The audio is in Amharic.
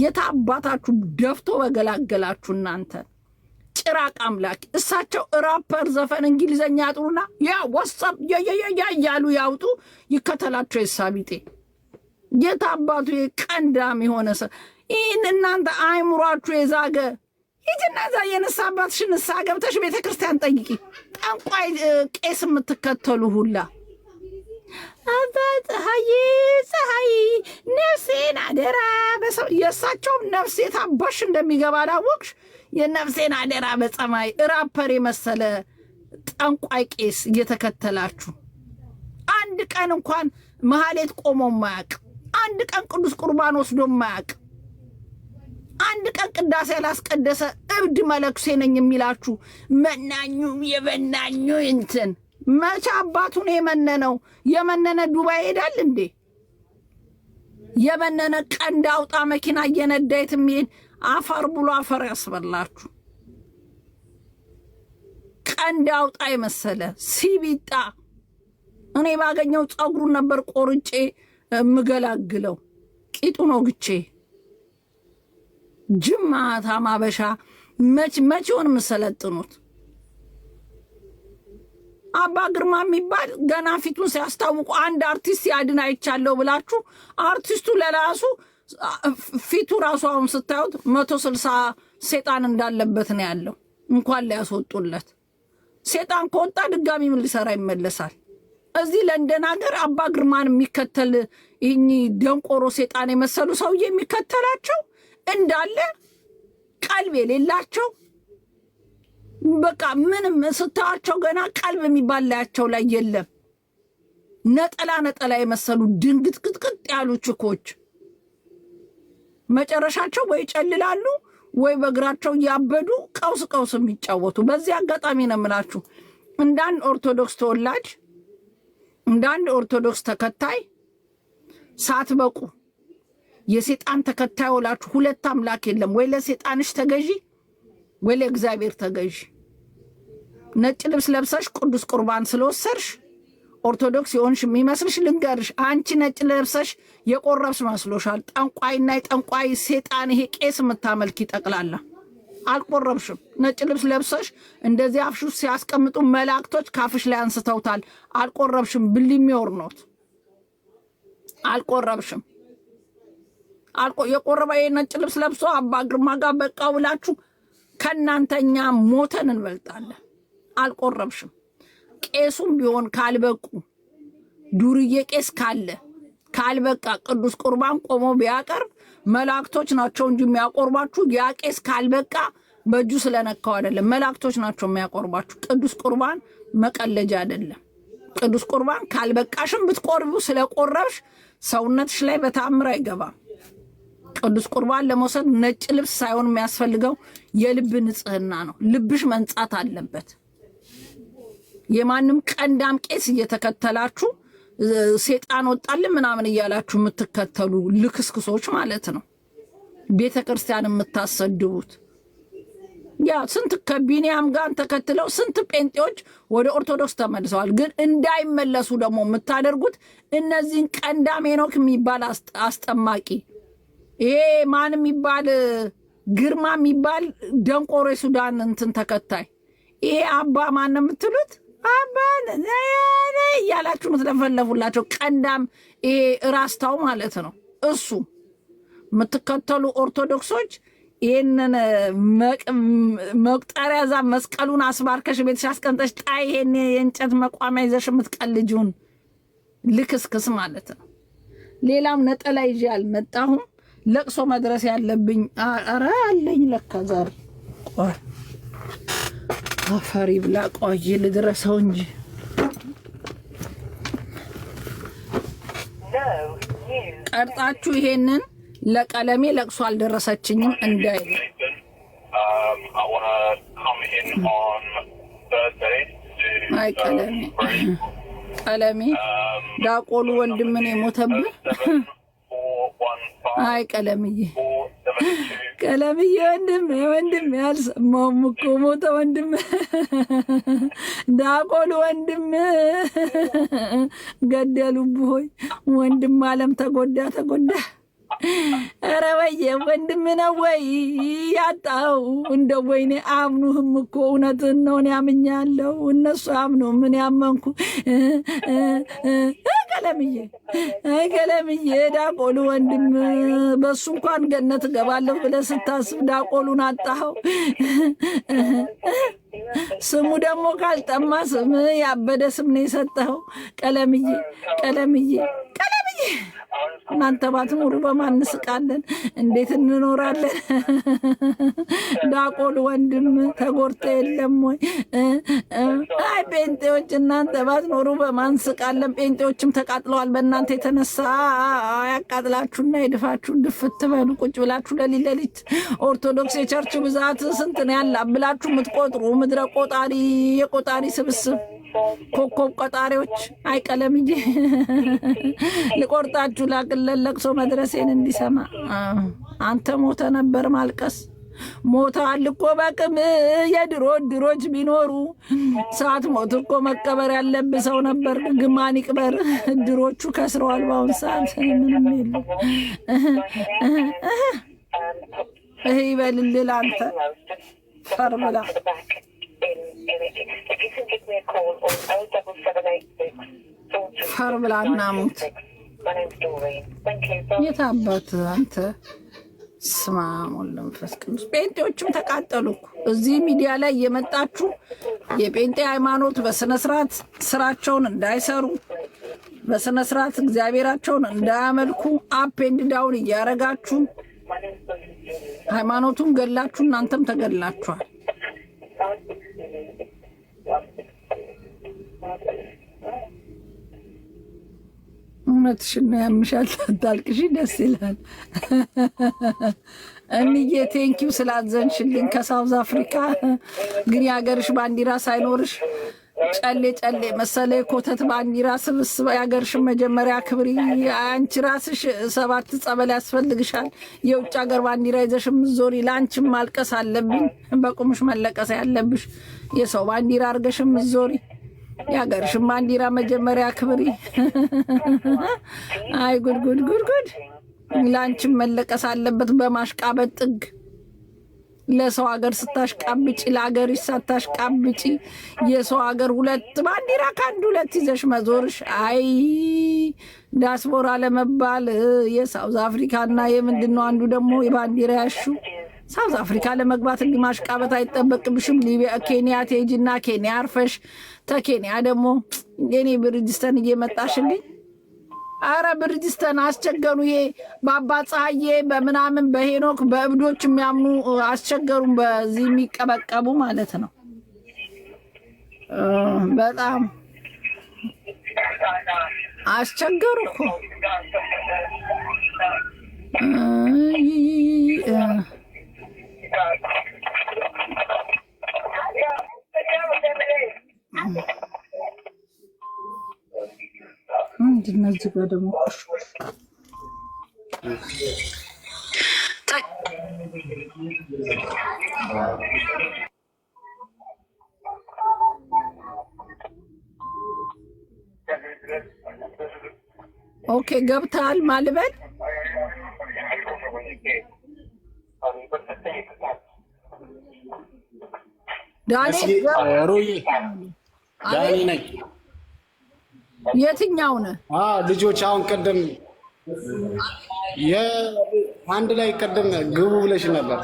የታ አባታችሁ ደፍቶ በገላገላችሁ እናንተ ጭራቅ አምላክ። እሳቸው ራፐር ዘፈን እንግሊዘኛ ያጥሩና ያ ወሳብ ያ እያሉ ያውጡ ይከተላቸው የሳቢጤ የታ አባቱ ቀንዳም የሆነ ሰ ይህን እናንተ አይምሯችሁ የዛገ ይጅና ዛ የንሳ አባትሽ ንሳ ገብተሽ ቤተ ክርስቲያን ጠይቂ። ጠንቋይ ቄስ የምትከተሉ ሁላ አባ ፀሐይ ፀሐይ ነፍሴን አደራ በሰው የእሳቸውም ነፍሴ ታባሽ እንደሚገባ አላወቅሽ? የነፍሴን አደራ በፀማይ ራፐር የመሰለ ጠንቋይ ቄስ እየተከተላችሁ አንድ ቀን እንኳን መሐሌት ቆሞ ማያቅ፣ አንድ ቀን ቅዱስ ቁርባን ወስዶ ማያቅ፣ አንድ ቀን ቅዳሴ ያላስቀደሰ እብድ መለኩሴ ነኝ የሚላችሁ መናኙ የበናኙ እንትን መቼ አባቱን የመነነው? የመነነ ዱባይ ሄዳል እንዴ? የመነነ ቀንድ አውጣ መኪና እየነዳ የት የሚሄድ አፈር ብሎ አፈር ያስበላችሁ። ቀንድ አውጣ የመሰለ ሲቢጣ እኔ ባገኘው ፀጉሩን ነበር ቆርጬ ምገላግለው ቂጡ ነው ግቼ ጅማታ ማበሻ መቼውን የምሰለጥኑት አባ ግርማ የሚባል ገና ፊቱን ሲያስታውቁ አንድ አርቲስት ያድን አይቻለሁ ብላችሁ አርቲስቱ ለራሱ ፊቱ ራሱ አሁን ስታዩት መቶ ስልሳ ሴጣን እንዳለበት ነው ያለው። እንኳን ሊያስወጡለት ሴጣን ከወጣ ድጋሚ ምን ሊሰራ ይመለሳል? እዚህ ለንደን ሀገር አባ ግርማን የሚከተል ይህ ደንቆሮ ሴጣን የመሰሉ ሰውዬ የሚከተላቸው እንዳለ ቀልብ የሌላቸው በቃ ምንም ስታዋቸው ገና ቀልብ የሚባል ላያቸው ላይ የለም። ነጠላ ነጠላ የመሰሉ ድንግጥቅጥቅጥ ያሉ ችኮች መጨረሻቸው ወይ ጨልላሉ ወይ በእግራቸው እያበዱ ቀውስ ቀውስ የሚጫወቱ። በዚህ አጋጣሚ ነው የምላችሁ እንደ አንድ ኦርቶዶክስ ተወላጅ እንዳንድ ኦርቶዶክስ ተከታይ ሳትበቁ የሴጣን ተከታይ ሆናችሁ ሁለት አምላክ የለም ወይ ለሴጣንሽ ተገዢ ወይ ለእግዚአብሔር ተገዢ ነጭ ልብስ ለብሰሽ ቅዱስ ቁርባን ስለወሰድሽ ኦርቶዶክስ የሆንሽ የሚመስልሽ ልንገርሽ፣ አንቺ ነጭ ለብሰሽ የቆረብሽ መስሎሻል። ጠንቋይና የጠንቋይ ሴጣን ይሄ ቄስ የምታመልክ ይጠቅላላ አልቆረብሽም። ነጭ ልብስ ለብሰሽ እንደዚህ አፍሽ ውስጥ ሲያስቀምጡ መላእክቶች ካፍሽ ላይ አንስተውታል። አልቆረብሽም። ብል የሚወር የሚወርኖት አልቆረብሽም። የቆረባ ነጭ ልብስ ለብሶ አባ ግርማ ጋር በቃ ብላችሁ ከእናንተኛ ሞተን እንበልጣለን። አልቆረብሽም። ቄሱም ቢሆን ካልበቁ ዱርዬ ቄስ ካለ ካልበቃ ቅዱስ ቁርባን ቆሞ ቢያቀርብ መላእክቶች ናቸው እንጂ የሚያቆርባችሁ ያ ቄስ ካልበቃ በእጁ ስለነካው አይደለም። መላእክቶች ናቸው የሚያቆርባችሁ። ቅዱስ ቁርባን መቀለጃ አይደለም። ቅዱስ ቁርባን ካልበቃሽም ብትቆርቡ ስለቆረብሽ ሰውነትሽ ላይ በተአምር አይገባም። ቅዱስ ቁርባን ለመውሰድ ነጭ ልብስ ሳይሆን የሚያስፈልገው የልብ ንጽህና ነው። ልብሽ መንጻት አለበት። የማንም ቀንዳም ቄስ እየተከተላችሁ ሴጣን ወጣልን ምናምን እያላችሁ የምትከተሉ ልክስክሶች ማለት ነው። ቤተ ክርስቲያን የምታሰድቡት ያ ስንት ከቢኒያም ጋር ተከትለው ስንት ጴንጤዎች ወደ ኦርቶዶክስ ተመልሰዋል። ግን እንዳይመለሱ ደግሞ የምታደርጉት እነዚህን ቀንዳም ሄኖክ የሚባል አስጠማቂ፣ ይሄ ማን የሚባል ግርማ የሚባል ደንቆሮ ሱዳን እንትን ተከታይ ይሄ አባ ማን ነው የምትሉት? አባት እያላችሁ የምትለፈለፉላቸው ቀንዳም ይሄ ራስታው ማለት ነው። እሱ የምትከተሉ ኦርቶዶክሶች ይህንን መቁጠሪያ ዛ መስቀሉን አስባርከሽ ቤትሽ አስቀምጠሽ ጣይ ይሄን የእንጨት መቋሚያ ይዘሽ የምትቀልጂውን ልክስክስ ማለት ነው። ሌላም ነጠላ ይዤ አልመጣሁም። ለቅሶ መድረስ ያለብኝ አረ አለኝ ለካ ዛሬ አፈሪ ብላ ቆይ ልድረሰው እንጂ ቀርጣችሁ ይሄንን ለቀለሜ ለቅሶ አልደረሰችኝም እንዳይ አይ ቀለሜ ቀለሜ ዳቆሉ ወንድምን የሞተብህ አይ ቀለምዬ ቀለምዬ ወንድም ወንድም ያልሰማውም እኮ ሞተ ወንድም ዳቆሉ ወንድም ገደሉብህ ሆይ ወንድም አለም ተጎዳ ተጎዳ። ኧረ ወየ ወንድም ነው ወይ ያጣው? እንደ ወይኔ አምኑህም እኮ እውነትህን ነው። እኔ አምኛለሁ፣ እነሱ አምኖ ምን ያመንኩ ገለምዬ ገለምዬ ዳቆሉ ወንድም በሱ እንኳን ገነት እገባለሁ ብለህ ስታስብ ዳቆሉን አጣኸው። ስሙ ደግሞ ካልጠማ ስም ያበደ ስም ነው የሰጠኸው። ቀለምዬ ቀለምዬ እናንተ ባትኖሩ በማን እንስቃለን? እንዴት እንኖራለን? ዳቆል ወንድም ተጎርተ የለም ወይ? አይ ጴንጤዎች፣ እናንተ ባትኖሩ በማን እንስቃለን? ጴንጤዎችም ተቃጥለዋል በእናንተ የተነሳ። ያቃጥላችሁና የድፋችሁ ድፍት በሉ። ቁጭ ብላችሁ ለሊት ለሊት ኦርቶዶክስ የቸርች ብዛት ስንት ነው ያላ ብላችሁ የምትቆጥሩ ምድረ ቆጣሪ የቆጣሪ ስብስብ ኮከብ ቆጣሪዎች አይቀለምዬ ልቆርጣችሁ ላቅለን ለቅሶ መድረሴን እንዲሰማ አንተ ሞተ ነበር ማልቀስ ሞታ አልኮ በቅም የድሮ ድሮች ቢኖሩ ሰዓት ሞት እኮ መቀበር ያለብ ሰው ነበር። ግማን ይቅበር ድሮቹ ከስረዋል። በአሁን ሰዓት ምንም የለም። ይህ ይበልልል አንተ ፈርምላ ፈር ብላ እናሙት የት አባት አንተ ስማ ወልድ መንፈስ ቅዱስ ጴንጤዎችም ተቃጠሉ። እዚህ ሚዲያ ላይ እየመጣችሁ የጴንጤ ሃይማኖት በስነስርዓት ስራቸውን እንዳይሰሩ በስነስርዓት እግዚአብሔራቸውን እንዳያመልኩ አፔንድ ዳውን እያረጋችሁ ሃይማኖቱን ገላችሁ እናንተም ተገላችኋል። እውነትሽን ነው። ያምሻል፣ ታልቅሽ ደስ ይላል። እምዬ ቴንኪው ስላዘንሽልኝ። ከሳውዝ አፍሪካ ግን የሀገርሽ ባንዲራ ሳይኖርሽ ጨሌ ጨሌ መሰለ የኮተት ባንዲራ ስብስብ የሀገርሽን መጀመሪያ ክብሪ። አንቺ ራስሽ ሰባት ጸበል ያስፈልግሻል። የውጭ ሀገር ባንዲራ ይዘሽ ምዞሪ። ለአንቺም ማልቀስ አለብኝ። በቁምሽ መለቀስ ያለብሽ የሰው ባንዲራ አርገሽ ዞሪ የሀገርሽን ባንዲራ መጀመሪያ ክብሪ። አይ ጉድ ጉድ ጉድ መለቀስ አለበት በማሽቃበት ጥግ። ለሰው ሀገር ስታሽቃብጪ፣ ለሀገርሽ ሳታሽቃብጪ የሰው ሀገር ሁለት ባንዲራ ከአንድ ሁለት ይዘሽ መዞርሽ። አይ ዲያስፖራ ለመባል የሳውዝ አፍሪካ እና የምንድነው አንዱ ደግሞ የባንዲራ ያሹ ሳውዝ አፍሪካ ለመግባት ግማሽ ቀበት አይጠበቅብሽም። ሊቢያ፣ ኬንያ ቴጅና ኬንያ አርፈሽ ተኬንያ ደግሞ የኔ ብርጅስተን እየመጣሽ እንግኝ አረ ብርጅስተን አስቸገሩ። ይሄ በአባ ፀሐዬ በምናምን በሄኖክ በእብዶች የሚያምኑ አስቸገሩም። በዚህ የሚቀበቀቡ ማለት ነው። በጣም አስቸገሩ እኮ ምንድን ነው እዚህ ጋር ደግሞ ኦኬ ገብተሃል ማልበል ዳኒ ነኝ። የትኛው ነህ? ልጆች አሁን ቅድም አንድ ላይ ቅድም ግቡ ብለሽ ነበር።